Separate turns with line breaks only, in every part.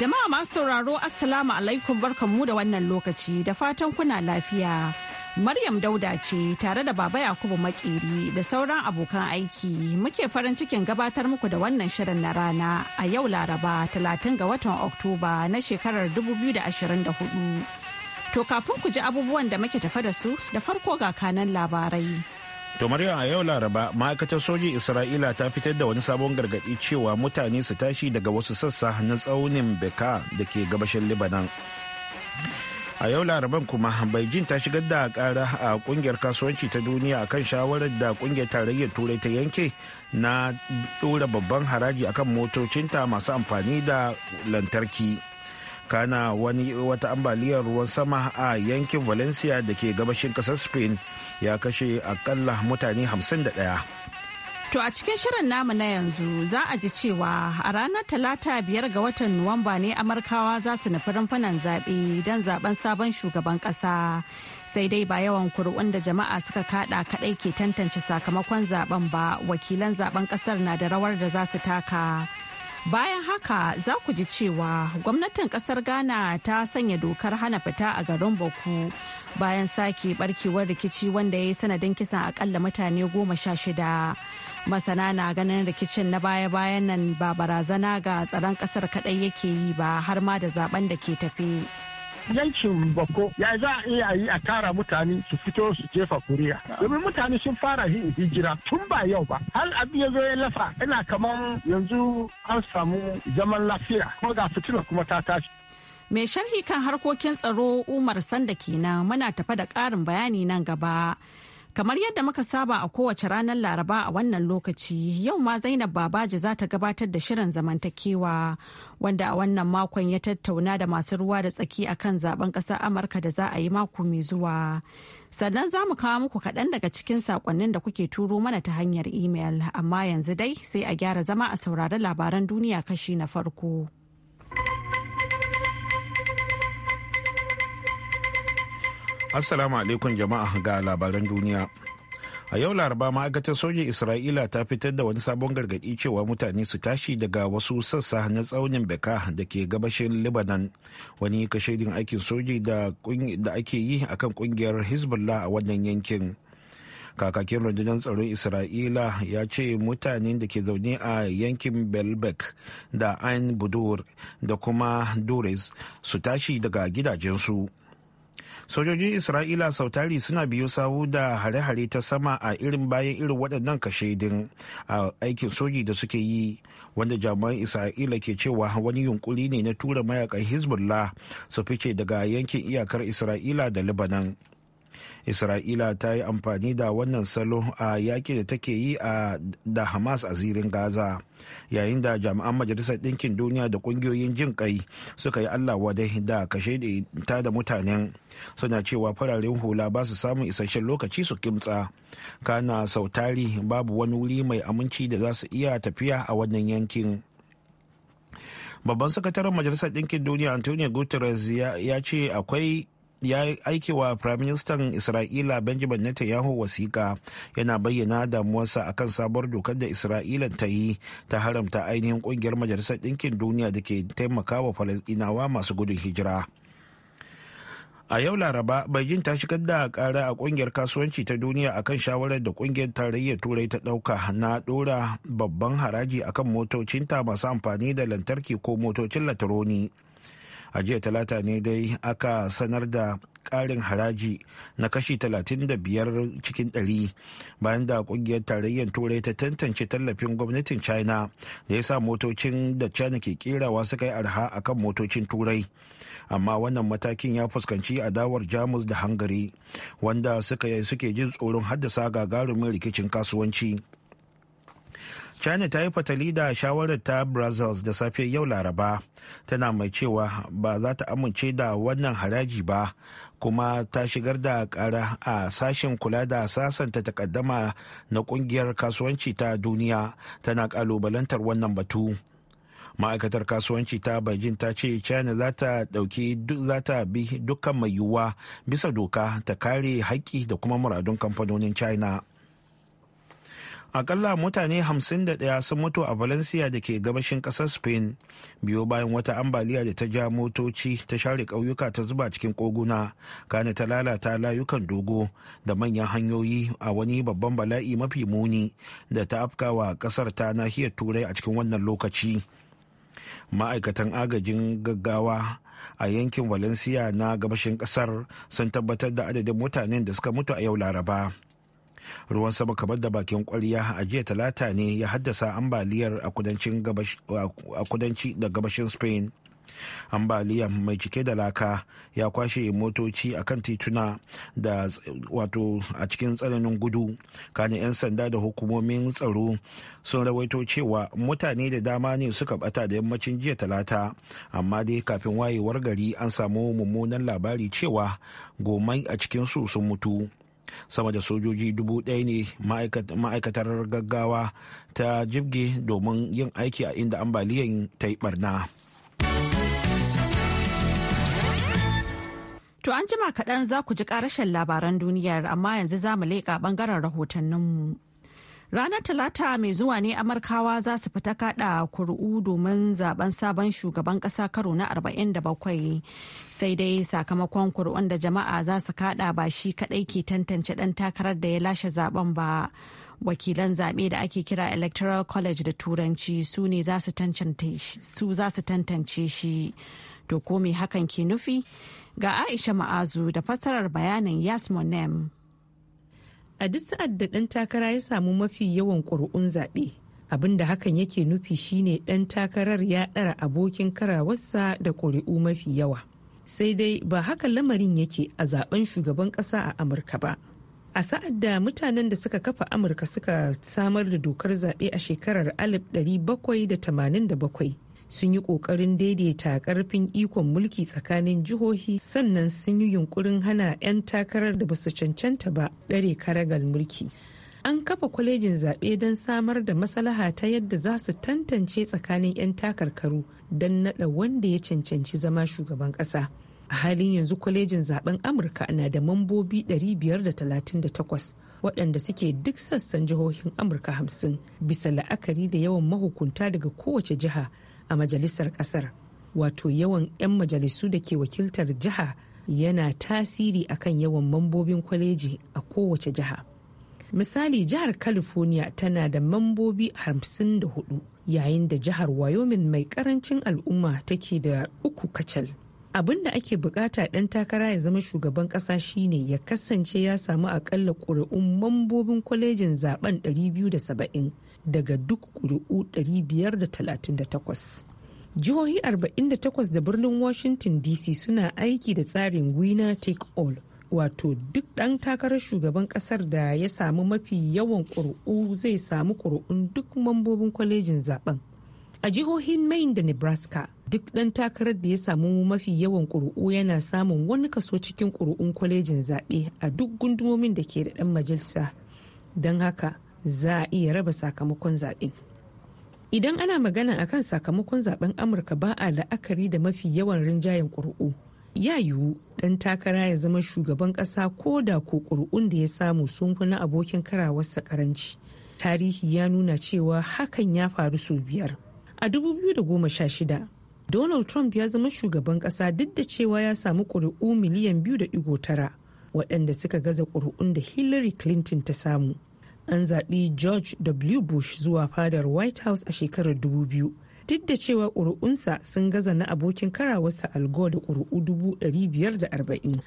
Jama'a masu sauraro Assalamu alaikum barkanmu da wannan lokaci da fatan kuna lafiya. Maryam Dauda ce tare da Baba Yakubu Makeri da sauran abokan aiki muke farin cikin gabatar muku da wannan shirin na rana a yau Laraba 30 ga watan Oktoba na shekarar 2024. To kafin ku ji abubuwan da muke tafa da su da farko ga kanan labarai.
To a yau Laraba ma'aikatar sojin Isra'ila ta fitar da wani sabon gargaɗi cewa mutane su tashi daga wasu sassa na tsaunin Beka da ke gabashin Libanan. A yau Laraban kuma Beijing ta shigar da ƙara a kungiyar kasuwanci ta duniya akan shawarar da kungiyar tarayyar turai ta yanke na ɗora babban haraji akan motocinta masu amfani da lantarki. kana wani wata ambaliyar ruwan sama a yankin valencia da ke gabashin kasar spain ya kashe akalla mutane 51
To a cikin shirin namu na yanzu za a ji cewa a ranar talata biyar ga watan Nuwamba ne Amurkawa za su nufi rumfunan zaɓe don zaɓen sabon shugaban ƙasa. Sai dai ba yawan kuri'un da jama'a suka kaɗa kaɗai ke tantance sakamakon zaɓen ba wakilan zaɓen ƙasar na da rawar da za su taka. Bayan haka za ku ji cewa gwamnatin kasar Ghana ta sanya dokar hana fita a garin Baku bayan sake barkewar rikici wanda ya yi sanadin kisan akalla mutane goma sha shida. Masana na ganin rikicin na baya-bayan nan ba barazana ga tsaron kasar kadai yake yi ba har ma da
zaben da ke tafe. yankin bako ya za a iya yi a tara mutane su fito su jefa kuriya domin mutane sun fara hijira tun ba yau ba har abin ya zo ya lafa ina kamar yanzu an samu zaman lafiya kuma ga fitina kuma ta tashi
mai sharhi kan harkokin tsaro umar sanda kenan muna tafa da ƙarin bayani nan gaba Kamar yadda muka saba a kowace ranar Laraba a wannan lokaci, yau ma Zainab Babaji za ta gabatar da shirin zamantakewa wanda a wannan makon ya tattauna da masu ruwa da tsaki a kan zaben ƙasar Amurka da za a yi mako mai zuwa. Sannan za mu kawo muku kaɗan daga cikin saƙonnin da kuke turo mana ta hanyar imel, amma yanzu dai sai a gyara zama a saurari labaran duniya kashi na farko.
Assalamu alaikum jama'a ga labaran duniya. A yau laraba ma'aikatar sojin Isra'ila ta fitar da wani sabon gargaɗi cewa mutane su tashi daga wasu sassa na tsaunin Beka da ke gabashin Lebanon wani kashedin aikin soji da ake yi a kan ƙungiyar Hezbollah a wannan yankin. kakakin rundunar tsaron isra'ila ya ce mutane da ke zaune a yankin belbek da ain budur da kuma dores su tashi daga gidajensu sojojin isra'ila sautari suna biyo sawu da hare-hare ta sama a irin bayan irin waɗannan kashedin a aikin soji da suke yi wanda jami'an isra'ila ke cewa wani yunkuri ne na tura mayakan hezbollah su fice daga yankin iyakar isra'ila da libanan isra'ila ta yi amfani da wannan salo a yaƙi da take yi a da hamas a zirin gaza yayin da jami'an majalisar ɗinkin duniya da ƙungiyoyin jin ƙai suka yi allah wadai da kashe ta da mutanen suna cewa fararen hula ba su samun isasshen lokaci su kimtsa kana sautari babu wani wuri mai aminci da za su iya tafiya a wannan yankin babban sakataren majalisar ɗinkin duniya antonio guterres ya ce akwai ya aiki wa firaministan isra'ila benjamin netanyahu wasiƙa yana bayyana damuwarsa akan sabuwar dokar da isra'ila ta yi ta haramta ainihin ƙungiyar majalisar ɗinkin duniya da ke taimakawa falasɗinawa masu gudun hijira a yau laraba beijing ta shigar da kara a kungiyar kasuwanci ta duniya akan shawarar da kungiyar tarayyar turai ta dauka na dora babban haraji akan motocinta masu amfani da lantarki ko motocin lataroni. a jiya talata ne dai aka sanar da karin haraji na kashi 35 cikin 100 bayan da kungiyar tarayyar turai ta tantance tallafin gwamnatin china da ya sa motocin da china ke kerawa suka yi arha akan motocin turai amma wannan matakin ya fuskanci adawar jamus da hangari wanda suke jin tsoron haddasa gagarumin rikicin kasuwanci china ta yi fatali da shawarar ta brazil da safiyar yau laraba tana mai cewa ba za ta amince da wannan haraji ba kuma ta shigar da kara a sashen kula da sasanta takaddama na kungiyar kasuwanci ta duniya tana kalubalantar wannan batu ma'aikatar kasuwanci ta beijing ta ce china za ta dauki za ta bi dukkan mai yiwuwa bisa doka ta kare haƙƙi da kuma muradun kamfanonin china akalla mutane 51 sun mutu a valencia da ke gabashin kasar spain biyo bayan wata ambaliya da ta ja motoci ta share ƙauyuka ta zuba cikin koguna gane ta lalata layukan dogo da manyan hanyoyi a wani babban bala'i mafi muni da ta afkawa kasar ta nahiyar turai a cikin wannan lokaci ma'aikatan agajin gaggawa a yankin valencia na gabashin kasar sun tabbatar da adadin mutanen da suka mutu a yau laraba ruwan sama kamar da bakin kwarya a jiya talata ne ya haddasa ambaliyar a kudanci da gabashin spain ambaliya mai cike da laka ya kwashe motoci a kan tituna da wato a cikin tsananin gudu kane 'yan sanda da hukumomin tsaro sun rawaito cewa mutane da dama ne suka bata da yammacin jiya talata amma dai kafin wayewar gari an samu mummunan labari cewa gomai a cikinsu sun mutu sama da sojoji dubu ɗaya ne ma'aikatar gaggawa ta jibge domin yin aiki a inda ambaliyan ta yi barna.
To an jima kaɗan za ku ji ƙarashin labaran duniyar amma yanzu za mu leƙa ɓangaren rahotanninmu. Ranar Talata mai zuwa ne Amurkawa za su fita kada kuri'u domin zaben sabon shugaban kasa karo na 47. Sai dai sakamakon kuri'un da jama'a za su kada ba shi kadai ke tantance dan takarar da ya lashe zaben ba. Wakilan zaɓe da ake kira Electoral College da Turanci su ne za su tantance shi. To ko me hakan ke nufi? Ga Aisha Ma'azu da fassarar bayanin Yasmonem.
a duk sa'ad da ɗan takara ya samu mafi yawan ƙuri'un zaɓe abin da hakan yake nufi shine ɗan takarar ya ɗara abokin karawarsa da ƙuri'u mafi yawa sai dai ba haka lamarin yake a zaben shugaban ƙasa a amurka ba a sa'ad da mutanen da suka kafa amurka suka samar da dokar zaɓe a shekarar 1787 sun yi ƙoƙarin daidaita ƙarfin ikon mulki tsakanin jihohi sannan sun yi yunkurin hana 'yan takarar da basu cancanta ba ɗare karagal mulki. An kafa kwalejin zaɓe don samar da maslaha ta yadda za su tantance tsakanin 'yan takarkaru don naɗa wanda ya cancanci zama shugaban ƙasa. a halin yanzu kwalejin zaɓen amurka na da mambobi 538 waɗanda suke duk sassan jihohin amurka 50 bisa la'akari da yawan mahukunta daga kowace jiha a majalisar kasar wato yawan 'yan majalisu da ke wakiltar jiha yana tasiri a kan yawan mambobin kwaleji a kowace jiha misali jihar california tana da mambobi 54 yayin da jihar wyoming mai karancin al'umma take da uku kacal abin da ake bukata ɗan takara ya zama shugaban ƙasa shine ya kasance ya samu akalla ƙuri'un mambobin kwalejin zaben 270 daga duk kuri'u 538 jihohi 48 da birnin washington dc suna aiki da tsarin Wina take all wato duk ɗan takarar shugaban ƙasar da ya samu mafi yawan ƙuri'u zai samu ƙuri'un duk mambobin kwalejin zaben a jihohin main da nebraska duk ɗan takarar da ya samu mafi yawan ƙuri'u yana samun wani kaso cikin ƙuri'un kwalejin zaɓe a duk gundumomin da ke da ɗan majalisa don haka za a iya raba sakamakon zaɓe. Idan ana magana a kan sakamakon zaɓen Amurka ba a la'akari da mafi yawan rinjayen ƙuri'u. Ya yiwu ɗan takara ya zama shugaban ƙasa ko da ko ƙuri'un da ya samu sun fi na abokin karawarsa karanci. Tarihi ya nuna cewa hakan ya faru sau biyar. A 2016, Donald Trump ya zama shugaban ƙasa duk da cewa ya samu ƙuri'u miliyan biyu da tara waɗanda suka gaza ƙuri'un da Hillary Clinton ta samu. an zaɓi george w bush zuwa fadar white house a shekarar 2000 duk da cewa ƙuri'unsa sun gaza na abokin karawarsa algo da ƙuri'u 540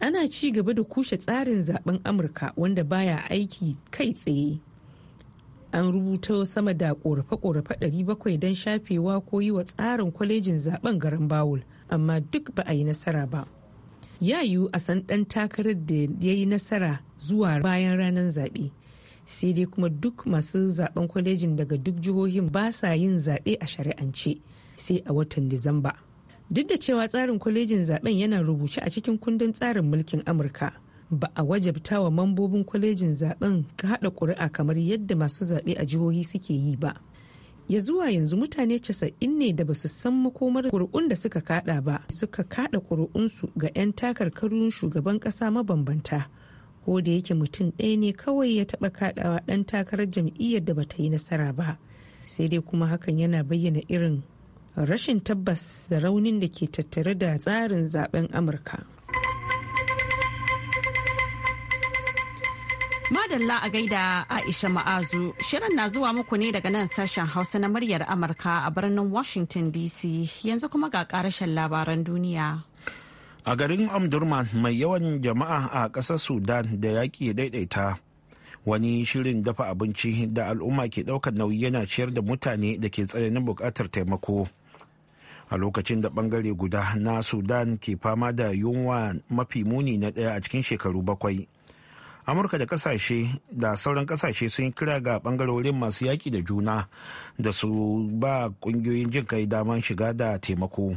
ana ci gaba da kushe tsarin zaben amurka wanda baya aiki kai tsaye an rubuta sama da ƙorafe-ƙorafe 700 don shafewa ko yi wa tsarin kwalejin zaben garin bawul amma duk ba a yi nasara ba ya yiwu a san ɗan takarar da ya yi nasara zuwa bayan ranar zaɓe sai dai kuma duk masu zaben kwalejin daga duk jihohin ba sa yin zaɓe a shari'ance sai a watan disamba duk da cewa tsarin kwalejin zaben yana rubuce a cikin kundin tsarin mulkin amurka ba a wajabta wa mambobin kwalejin zaben ka haɗa ƙuri'a kamar yadda masu zaɓe a jihohi suke yi ba ya zuwa yanzu mutane casa'in ne da ba su san makomar ƙuri'un da suka kaɗa ba suka kaɗa ƙuri'unsu ga 'yan takarkarun shugaban ƙasa mabambanta ko da yake mutum ɗaya ne kawai ya taɓa kaɗawa ɗan takarar jam'iyyar da bata yi nasara ba sai dai kuma hakan yana bayyana irin rashin tabbas da raunin da ke tattare da tsarin zaben amurka
Madalla a gaida Aisha Ma'azu, shirin na zuwa muku ne daga nan sashen Hausa na muryar Amurka a birnin Washington DC yanzu kuma ga karashen labaran duniya.
a garin omdurman mai yawan jama'a a ƙasar sudan da yaƙi daidaita wani shirin dafa abinci da al'umma ke ɗaukar nauyi yana ciyar da mutane da ke tsananin buƙatar taimako a lokacin da ɓangare guda na sudan ke fama da yunwa mafi muni na ɗaya a cikin shekaru bakwai amurka da ƙasashe da sauran ƙasashe sun yi kira ga bangarorin masu yaƙi da juna da su ba ƙungiyoyin jin kai daman shiga da taimako.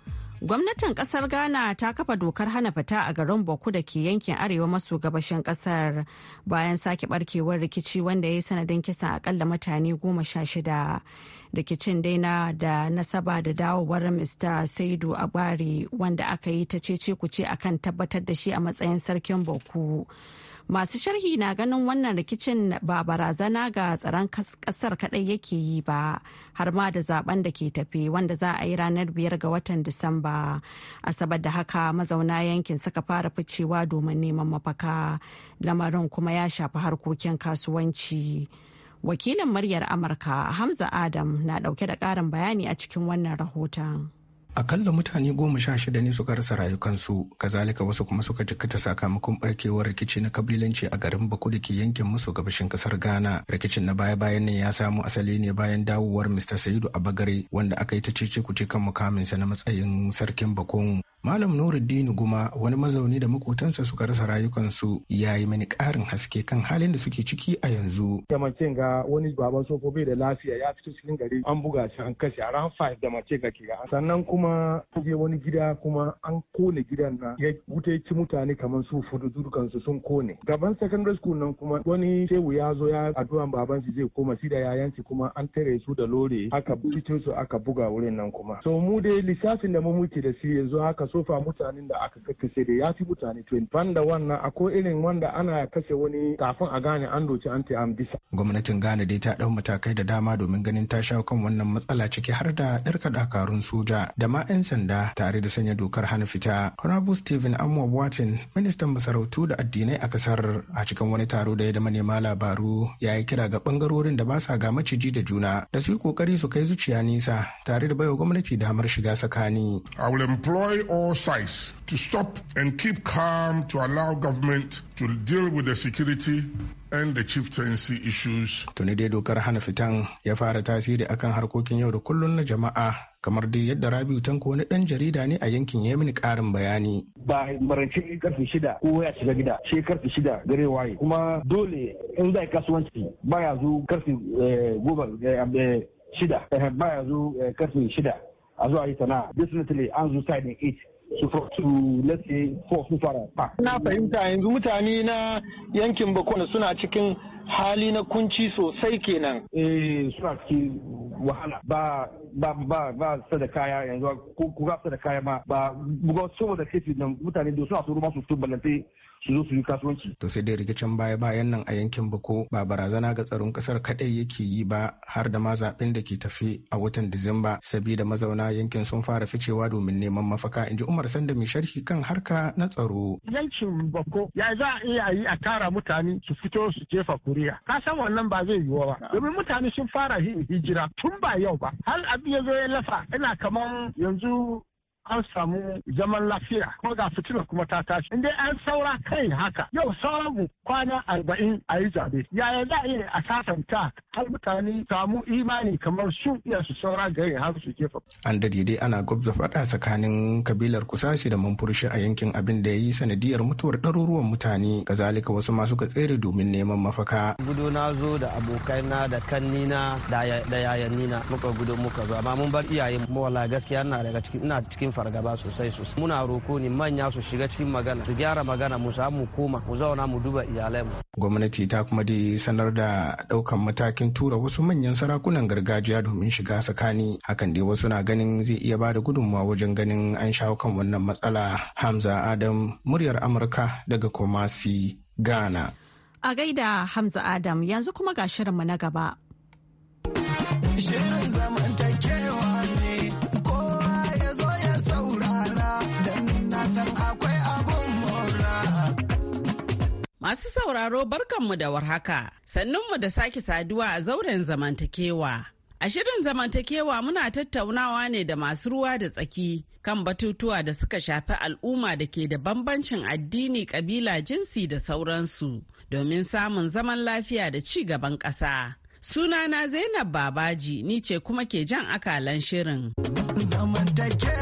Gwamnatin kasar Ghana ta kafa dokar hana fita a garin Boko da ke yankin arewa maso gabashin kasar bayan sake barkewar rikici wanda ya yi sanadin kisa akalla mutane goma sha shida. Rikicin daina da nasaba da dawowar Mr. Saidu Abari wanda aka yi ta cece ce akan tabbatar da shi a matsayin sarkin Boko. masu sharhi na ganin wannan rikicin ba barazana ga tsaron kasar kadai yake yi ba har ma da zaben da ke tafe wanda za a yi ranar biyar ga watan disamba asabar da haka mazauna yankin suka fara ficewa domin neman mafaka lamarin kuma ya shafi harkokin kasuwanci wakilin muryar amurka hamza adam na dauke da karin bayani a cikin wannan rahoton.
akalla mutane goma sha shida ne suka rasa rayukansu kazalika wasu kuma suka jikkata sakamakon barkewar rikici na kabilanci a garin baku da ke yankin musu gabashin kasar ghana rikicin na baya bayan nan ya samu asali ne bayan dawowar mr saidu abagare wanda aka yi ta cece kuce kan mukaminsa na matsayin sarkin bakon malam nuruddin guma wani mazauni da makotansa suka rasa rayukansu ya yi mini ƙarin haske kan halin da suke ciki a yanzu da ga wani baban sofofi da lafiya ya fito cikin gari an buga shi an kashe a ran 5 da mace ga kiga sannan kuma kuma je wani gida kuma an kone gidan na ya wuta ci mutane kamar su fudu dukansu sun kone gaban secondary school nan kuma wani shehu ya zo ya addu'an baban shi zai koma shi da yayan kuma an tare su da lore aka cikin su aka buga wurin nan kuma so mu dai lissafin da mu muke da shi yanzu haka sofa mutanen da aka kakkashe da ya fi mutane 20 ban da wannan akwai irin wanda ana kashe wani kafin a gane an doci an ta an bisa gwamnatin Ghana dai ta dau matakai da dama domin ganin ta shawo kan wannan matsala ciki har da ɗarka dakarun soja da ma 'yan sanda tare da sanya dokar hana fita. Honorable Stephen Amwa Watin, ministan masarautu da addinai a kasar a cikin wani taro da ya da manema labaru ya yi kira ga bangarorin da ba sa ga maciji da juna da su yi kokari su kai zuciya nisa tare da baiwa gwamnati damar shiga tsakani. I will employ all sides to stop and keep calm to allow government to deal with the security and the chieftaincy issues. Tuni dai dokar hana fitan ya fara tasiri akan harkokin yau da kullun na jama'a kamar dai yadda Rabiu Tanko wani dan jarida ne a yankin Yemen karin bayani.
Ba marance karfe shida ko ya shiga gida she karfe shida gare waye kuma dole in zai kasuwanci ya zo karfe eh, goma eh, eh, shida ya zo karfe shida a zuwa yi sana'a definitely an zo side 8 su fotu lati say fara ba. Na fahimta yanzu mutane na
yankin Bakon suna cikin hali na kunci sosai kenan. Eh suna cikin wahala ba ba ba ba sada kaya yanzu ko ga sada kaya ma ba buga saboda kefi nan mutane da suna so ruwa su tubalante su zo su yi kasuwanci. To sai dai rikicin baya bayan nan a yankin Bako ba barazana ga tsaron kasar kadai yake yi ba har da ma zaben da ke tafi a watan Disamba sabida mazauna yankin sun fara ficewa domin neman mafaka inji Umar Sanda mai sharhi kan harka na tsaro.
Yankin Bako ya za a iya yi a tara mutane su fito su jefa kuriya. Ka san wannan ba zai yiwu ba. Domin mutane sun fara hijira tun ba yau ba. Har abin ya zo ya lafa ina kaman yanzu an samu zaman lafiya kuma ga fitina kuma ta tashi in dai an saura kai haka yau sauran mu kwana arba'in a yi zabe yaya za a iya a sasanta har mutane samu imani kamar su iya su saura gari har su jefa.
an dade dai ana gwabza faɗa tsakanin kabilar kusashi da manfurshi a yankin abin da ya yi sanadiyar mutuwar ɗaruruwan mutane kazalika wasu masu ka tsere domin neman mafaka.
gudu na zo da abokaina da kannina da yayanina muka gudu muka zo amma mun bar iyaye mu wala gaskiya ina daga cikin ina cikin fargaba sosai sosai muna roko ne manya su shiga cikin magana su gyara magana mu samu koma mu zauna mu duba iyalai mu
gwamnati ta kuma dai sanar da daukan matakin tura wasu manyan sarakunan gargajiya domin shiga tsakani hakan dai wasu na ganin zai iya ba da gudunmawa wajen ganin an shawo kan wannan matsala hamza adam muryar amurka daga kumasi ghana
a gaida hamza adam yanzu kuma ga shirinmu na gaba
shirin
Masu sauraro barkanmu da warhaka, sannunmu da sake saduwa a zauren zamantakewa. A shirin zamantakewa muna tattaunawa ne da masu ruwa da tsaki kan batutuwa da suka shafi al'umma da ke da bambancin addini, kabila, jinsi da sauransu domin samun zaman lafiya da ci gaban ƙasa. Sunana Zainab Babaji ni ce kuma ke jan akalan shirin.
Zamantakewa.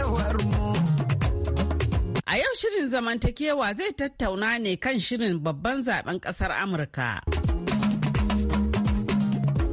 A yau shirin zamantakewa zai tattauna ne kan shirin babban zaben kasar Amurka.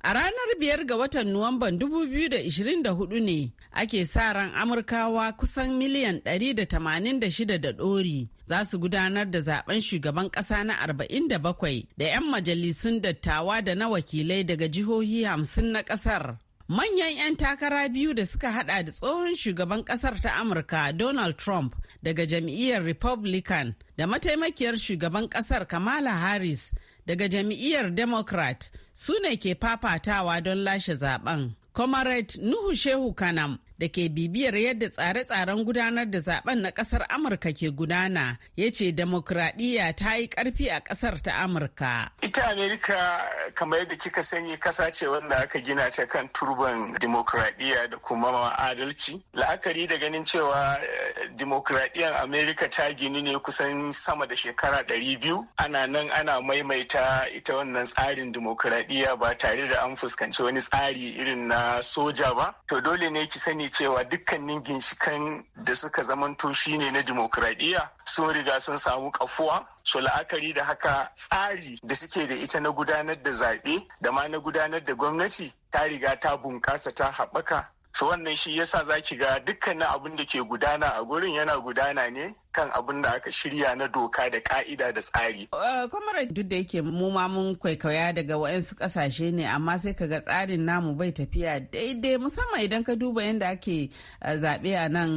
A ranar biyar ga watan Nuwamban 2024 ne ake sa ran Amurkawa kusan miliyan 186 da ɗori za su gudanar da zaben shugaban ƙasa na 47 da 'yan majalisun dattawa da na wakilai daga jihohi 50 na ƙasar. Manyan 'yan takara biyu da suka hada da tsohon shugaban kasar ta Amurka Donald Trump daga jam'iyyar Republican da mataimakiyar shugaban kasar Kamala Harris daga jam'iyyar Democrat su ne ke fafatawa don lashe zaben. Comrade Nuhu Shehu Kanam da ke bibiyar yadda tsare-tsaren gudanar da zaben na kasar Amurka ke gudana ya ce demokradiyya ta yi karfi a kasar ta Amurka.
Ita Amerika kamar yadda kika sani kasa ce wanda aka gina ta kan turban demokradiyya da kuma adalci. La'akari da ganin cewa eh, demokradiyyar Amerika ta gini ne kusan sama da shekara ɗari biyu ana nan ana maimaita ita wannan tsarin demokradiyya ba tare da an fuskanci wani tsari irin na soja ba. To dole ne ki sani sani cewa dukkanin ginshikan da suka zamanto ne na dimokuraɗiyya sun riga sun samu kafuwa Su la'akari da haka tsari da suke da ita na gudanar da zaɓe da ma na gudanar da gwamnati ta riga ta bunƙasa ta haɓaka su wannan shi yasa za ki ga dukkanin abin da ke gudana a gurin yana gudana ne kan abin da aka shirya na doka da ka'ida da tsari.
Kwamara eh, duk da yake mu ma mun kwaikwaya daga wa'ansu kasashe ne amma sai ka ga tsarin namu bai tafiya daidai musamman idan ka duba yadda ake eh, zaɓe a nan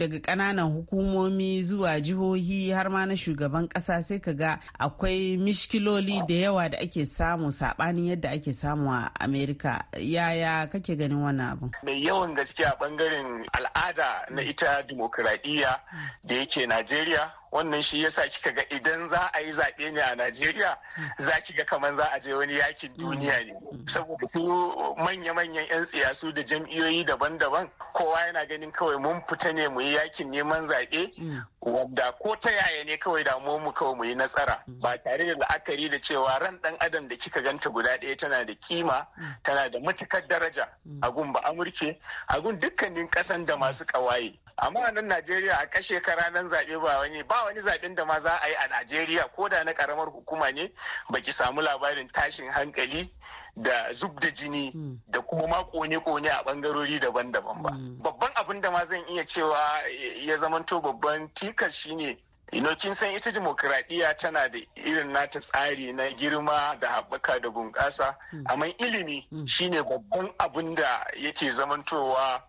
daga ƙananan hukumomi zuwa jihohi har ma na shugaban ƙasa sai ka ga akwai mishkiloli da yawa da ake samu saɓanin yadda ake samu a Amerika. Yaya kake ganin wannan abin?
Mai yawan gaskiya ɓangaren al'ada na ita dimokuraɗiyya da yake Nigeria. wannan shi yasa kika ga idan za a yi zaɓe ne a Najeriya hmm. za ki ga kamar za a je wani yakin hmm. duniya ne hmm. saboda su manya-manyan 'yan siyasu da jam'iyyoyi daban-daban kowa yana ganin kawai mun fita ne mu yi yakin neman zaɓe wanda ko ta yaya ne kawai damu mu kawai mu yi nasara ba tare da la'akari da cewa ran ɗan adam da kika ganta guda ɗaya tana da kima tana da matukar daraja a gun ba amurke a gun dukkanin ƙasan da masu kawaye amma a nan najeriya a kashe nan zaɓe ba wani ba wani zaben da ma za a yi a Najeriya ko da na karamar hukuma ne baki samu labarin tashin hankali da zub da jini hmm. da kuma ma kone-kone a bangarori daban-daban ba. Hmm. Babban abin da ma zan iya cewa ya zamanto babban tikas shine ino kin san ita dimokuraɗiyya tana da irin nata tsari na girma da haɓaka da bunƙasa hmm. amma ilimi shine babban abin da yake zamantowa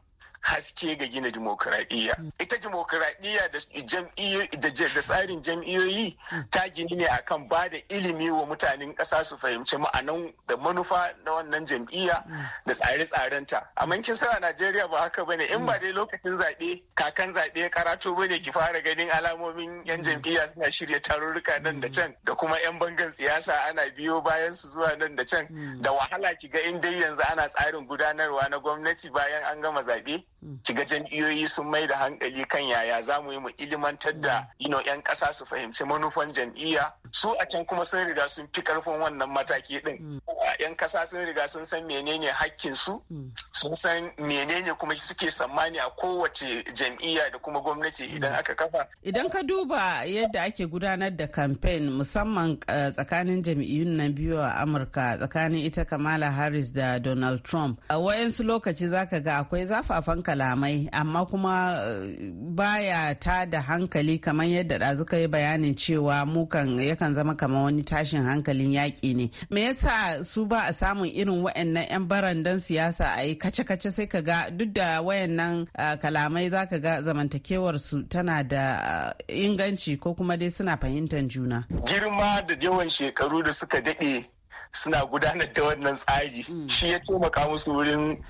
haske ga gina dimokuraɗiyya. Hmm. Ita dimokuraɗiyya da da tsarin jam'iyyoyi hmm. ta gini ne akan ba da ilimi wa mutanen ƙasa su fahimci ma'anan da manufa na wannan jam'iyya hmm. da tsare-tsarenta. Amma kin sa a Najeriya ba haka ba ne. in ba dai lokacin zaɓe kakan zaɓe ya karato ne ki fara ganin alamomin yan jam'iyya suna shirya tarurruka nan da can da kuma yan bangan siyasa ana biyo bayan su zuwa nan da can da wahala ki ga in dai yanzu ana tsarin gudanarwa na gwamnati bayan an gama zaɓe Ki ga jam'iyyoyi sun mai da hankali kan yaya za mu yi mu ilimantar da ino mm. yan kasa su fahimci manufan jam'iyya su a can kuma sun riga sun fi karfin wannan mataki din yan mm. kasa sun riga sun san menene hakkin su mm. sun san menene kuma suke tsammani a kowace jam'iyya da kuma gwamnati idan aka kafa
idan ka duba yadda ake gudanar da kamfen musamman eh, tsakanin jam'iyyun nan biyu a amurka tsakanin ita kamala harris da donald trump a wayansu lokaci zaka ga akwai zafafan kalamai amma kuma eh, baya ta da hankali kamar yadda ɗazu ka yi bayanin cewa mukan yakan zama kamar wani tashin hankalin yaƙi ne me yasa su ba a samun irin wayannan 'yan barandan siyasa a yi kace-kace sai ka ga duk da wayannan eh, kalamai za ka ga zamantakewar su tana da eh, inganci ko kuma dai suna fahimtar juna
girma da yawan shekaru da suka daɗe suna gudanar da wannan tsari hmm. shi ya taimaka musu wurin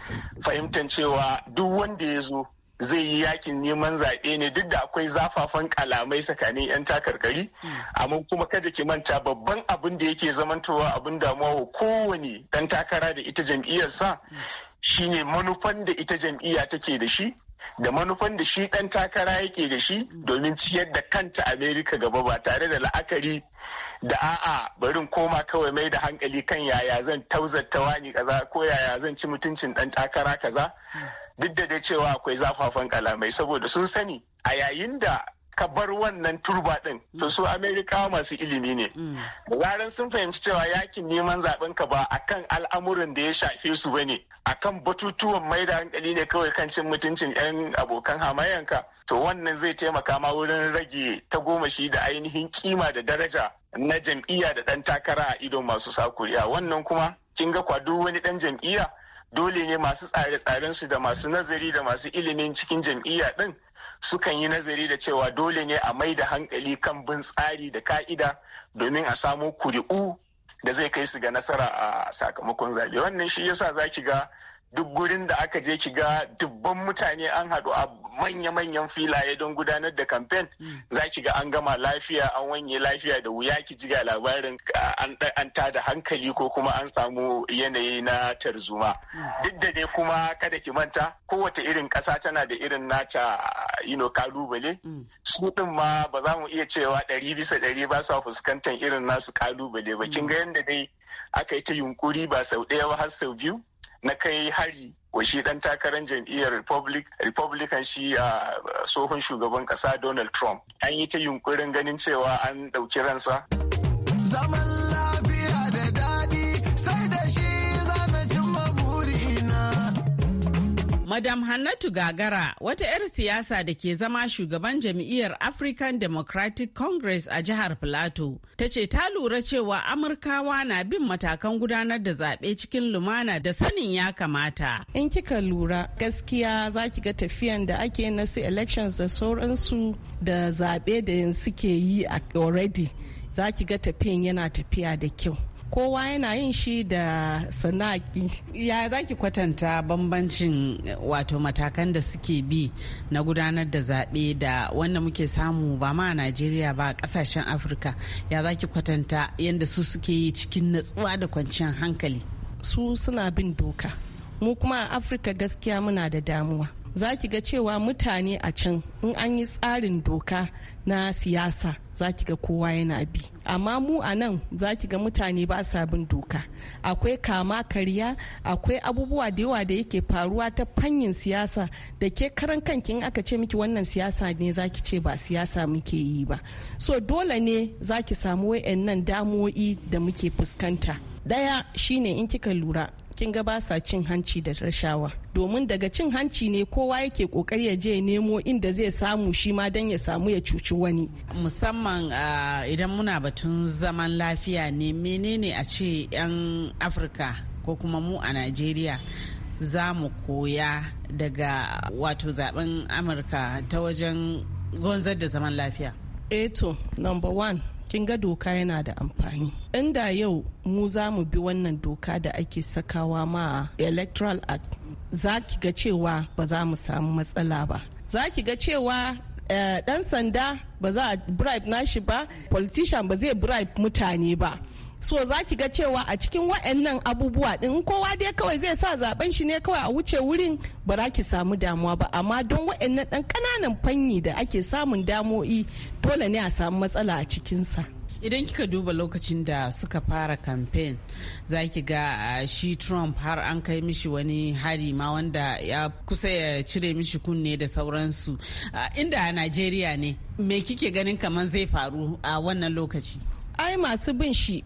fahimtar cewa duk wanda ya zo zai yi yakin neman zaɓe ne duk da akwai zafafan kalamai tsakanin 'yan takarkari hmm. amma kuma kada ki manta babban abin da yake zamantowa abin damuwa wa kowane ɗan takara da ita jam'iyyarsa hmm. shine manufan da ita jam'iyya take da shi da manufan da shi ɗan takara yake da shi domin ciyar da kanta Amerika gaba ba tare da la'akari da a'a barin koma kawai mai da hankali kan yaya zan tauzata wani kaza ko yaya zan ci mutuncin ɗan takara kaza hmm. duk da dai cewa akwai zafafan kalamai saboda sun sani a yayin da ka bar wannan turba din to mm. su amerika masu ilimi ne Garan mm. sun fahimci cewa yakin neman zaben ka ba akan al'amuran da ya shafe su bane akan batutuwan mai da hankali ne kawai kan cin mutuncin yan abokan hamayanka to wannan zai taimaka ma wurin rage ta shi da ainihin kima da daraja na jam'iyya da ɗan takara a idon masu sakuriya wannan kuma kin ga kwa wani ɗan jam'iyya dole ne masu tsare-tsaren su da masu nazari da masu ilimin cikin jam'iyya din sukan yi nazari da cewa dole ne a mai da hankali kan bin tsari da ka'ida domin a samu kuri'u da zai kai su ga nasara a sakamakon zabe wannan shi yasa zaki ga duk gurin da aka je ki ga dubban mutane an haɗu a manya-manyan filaye don gudanar da kamfen hmm. za ki ga an gama lafiya an wanye lafiya da wuya ki ji ga labarin an tada hankali ko kuma an samu yanayi na tarzuma hmm. duk da dai kuma kada ki manta kowace irin ƙasa tana da irin nata ino kalubale hmm. su din ma ba za mu iya cewa ɗari bisa ɗari ba sa fuskantar irin nasu kalubale ba kin ga yadda dai aka yi ta yunkuri ba sau ɗaya ba har sau biyu na kai hari wa shi dan takarar jam'iyyar republican shi a tsohon shugaban kasa donald trump an yi ta yunkurin ganin cewa an ɗauki ransa zaman
Madam Hannatu Gagara wata 'yar siyasa da ke zama shugaban jam'iyyar African Democratic Congress a jihar Plateau ta ce ta lura cewa Amurkawa na bin matakan gudanar da zaɓe cikin lumana da sanin ya kamata. In kika lura gaskiya za ki ga tafiyan da ake na su elections da sauransu
da zaɓe da suke yi already za ki ga tafiyan yana tafiya da
kyau. kowa yana yin shi da sanaki ya za ki kwatanta bambancin wato matakan da suke bi na gudanar da zaɓe da wanda muke samu ba ma a najeriya ba a ƙasashen afirka ya za ki kwatanta yadda su suke yi cikin natsuwa da kwanciyar hankali su suna bin doka mu kuma a
afirka gaskiya muna da damuwa za ki ga cewa mutane a can in an yi tsarin doka na siyasa za ki ga kowa yana bi amma mu a nan za ki ga mutane ba sa bin doka akwai kama karya akwai abubuwa da yawa da yake faruwa ta fanyin siyasa da ke karan kanki in aka ce miki wannan siyasa ne za ki ce ba siyasa muke yi ba so dole ne za ki samu wayannan damo'i da muke fuskanta daya shine in kika lura kin ga ba sa cin hanci da rashawa domin daga cin hanci ne kowa yake kokari ya je nemo inda zai samu shi ma don ya samu
ya cuci wani musamman ah, idan muna batun zaman lafiya ne menene a ce 'yan afirka ko kuma mu a najeriya za mu koya daga wato zaben amurka ta wajen gonzar da zaman lafiya
eto eh number one kin ga doka yana da amfani inda yau mu za mu bi wannan doka da ake sakawa ma electoral act za ki ga cewa ba za mu samu matsala ba za ki ga cewa dan eh, sanda ba za a bribe nashi ba politician ba zai bribe mutane ba so za ki ga cewa a cikin wa'annan abubuwa ɗin kowa dai kawai zai sa zaben shi ne kawai a wuce wurin ba za ki samu damuwa ba amma don wa'annan ɗan ƙananan fanyi da ake samun damo'i dole ne a samu matsala a cikinsa.
idan kika duba lokacin da suka fara kamfen za ki ga shi trump har an kai mishi wani hari ma wanda ya kusa ya cire mishi kunne da sauransu inda a najeriya ne me kike ganin kamar zai faru a wannan lokaci ai masu bin shi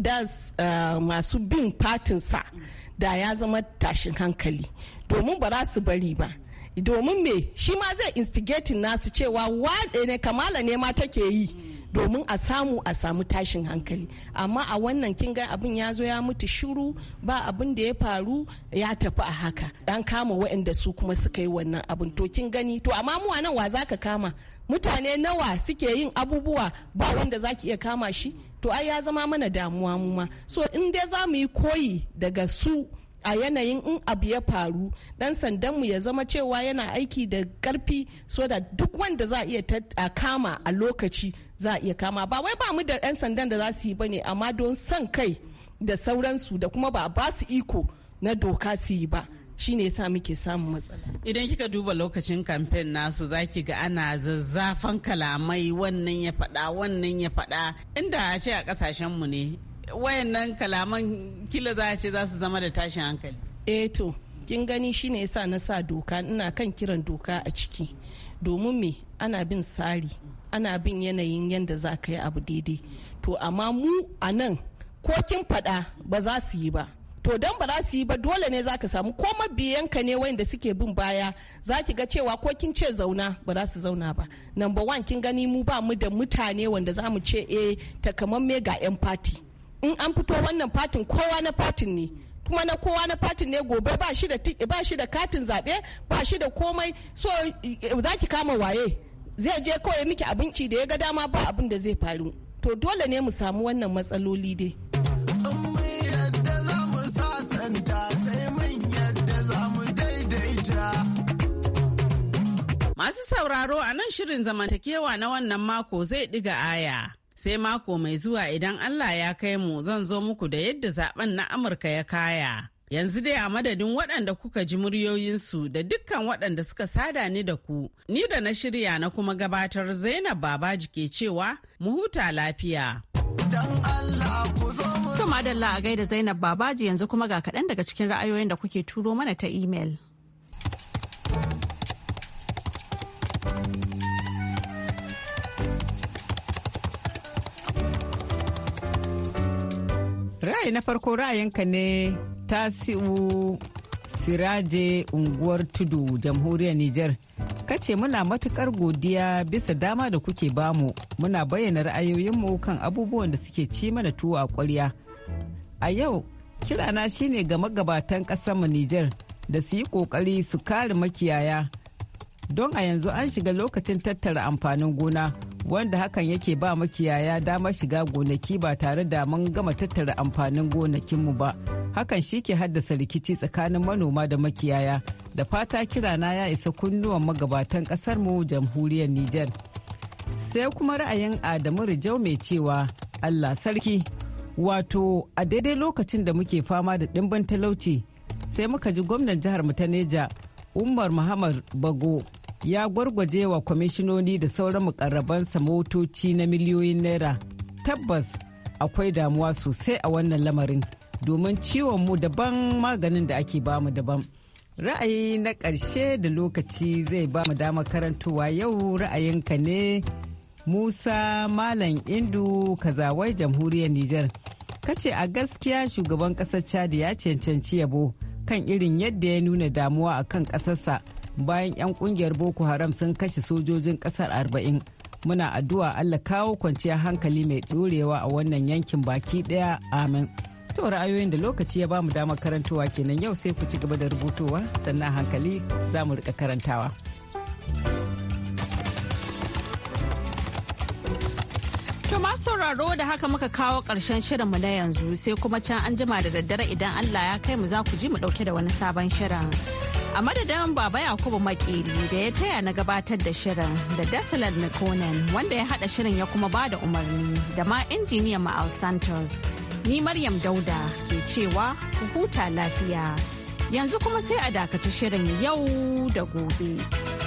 da eh, masu bin fatinsa da ya zama tashin hankali domin ba za su bari ba domin me shi ma zai instigating nasu cewa waɗe ne kamala ne ma take yi domin a samu a samu tashin hankali amma a wannan kin ga abin ya zo ya mutu shiru ba abin da ya faru ya tafi a haka dan kama waɗanda su kuma suka yi wannan abin to kin gani to amma mu nan wa za ka kama mutane nawa suke yin abubuwa ba wanda za ki iya kama shi to ai ya zama mana damuwa mu ma so in dai za mu yi koyi daga su a yanayin in abu ya faru dan mu ya zama cewa yana aiki da karfi so da duk wanda za a iya kama a lokaci za iya kama ba wai ba mu da 'yan sandan da za su yi bane amma don san kai da sauransu da kuma ba ba su iko na doka su yi ba Shi ne sa muke samun matsala
idan kika duba lokacin kamfen nasu zaki ga ana zazzafan kalamai wannan ya faɗa wannan ya faɗa inda a ce a kasashen mu ne wayannan kalaman kila za a ce za su zama da tashin hankali E, to kin gani
shi shine sa na sa doka ina kan kiran doka a ciki domin me ana bin tsari ana bin yanayin yadda za ka yi abu daidai to amma mu a nan ko kin faɗa ba za su yi ba to dan ba za su yi ba dole ne za ka samu ko mabiyan ka ne wayanda suke bin baya za ki ga cewa ko kin ce zauna ba za su zauna ba number one kin gani mu ba mu da mutane wanda za mu ce eh takamamme ga yan fati in an fito wannan fatin kowa na fatin ne kuma na kowa na fatin ne gobe ba shi da ba shi da katin zabe ba shi da komai so eh, za ki kama waye zai je kawai miki abinci da ya ga dama ba abin da zai faru to dole ne mu samu wannan matsaloli dai
Masu sauraro a nan shirin zamantakewa na wannan mako zai ɗiga aya. Sai mako mai zuwa idan Allah ya kai mu zan zo muku da yadda zaben na Amurka ya kaya. Yanzu dai a madadin waɗanda kuka ji muryoyinsu da dukkan waɗanda suka sada ni da ku, ni da na shirya na kuma gabatar Zainab Babaji ke cewa mu huta lafiya.
To madalla a gaida Zainab Babaji yanzu kuma ga kaɗan daga cikin ra'ayoyin da kuke turo mana ta imel.
ra'ayi na farko ra'ayinka ne tasiu siraje unguwar tudu jamhuriyar niger kace muna matukar godiya bisa dama da kuke bamu muna bayyana ra'ayoyinmu kan abubuwan da suke ci mana tuwo a kwarya a yau kirana shine ga magabatan mu niger da su yi kokari su kare makiyaya don a yanzu an shiga lokacin tattara amfanin gona wanda hakan yake ba makiyaya damar shiga gonaki ba tare da mun gama tattara amfanin gonakinmu ba hakan shi ke haddasa rikici tsakanin manoma da makiyaya da fata kirana ya isa kunnuwan magabatan mu jamhuriyar niger sai kuma ra'ayin adamu rijau mai cewa allah sarki wato a daidai lokacin da muke fama da ɗimbin talauci sai muka ji gwamnan jihar mu ta neja umar muhammad bago ya gwargwaje wa kwamishinoni da sauran mukarrabansa motoci na miliyoyin naira tabbas akwai damuwa sosai a wannan lamarin domin ciwon mu daban maganin da ake bamu daban ra'ayi na ƙarshe da lokaci zai ba mu dama karantowa yau ra'ayinka ne musa malam indu kazawai jamhuriyar niger kace a gaskiya shugaban ƙasar chad ya cancanci yabo kan irin yadda ya nuna damuwa a kan ƙasarsa bayan 'yan kungiyar boko haram sun kashe sojojin kasar arba'in muna addu'a allah kawo kwanciyar hankali mai dorewa a wannan yankin baki daya amin to ra'ayoyin da lokaci ya bamu damar karantowa kenan yau sai ku ci gaba da rubutowa
sannan hankali za mu rika karantawa sauraro da haka muka kawo ƙarshen shirinmu na yanzu sai kuma can an jima da daddare idan Allah ya kai mu za ku ji mu ɗauke da wani sabon shirin. A madadin Baba Yakubu Makeri da ya taya na gabatar da shirin da dasalar Mikonen wanda ya hada shirin ya kuma bada umarni da ma injiniya Ma'al Santos. Ni Maryam Dauda ke cewa ku huta lafiya. Yanzu kuma sai a dakaci shirin yau da gobe.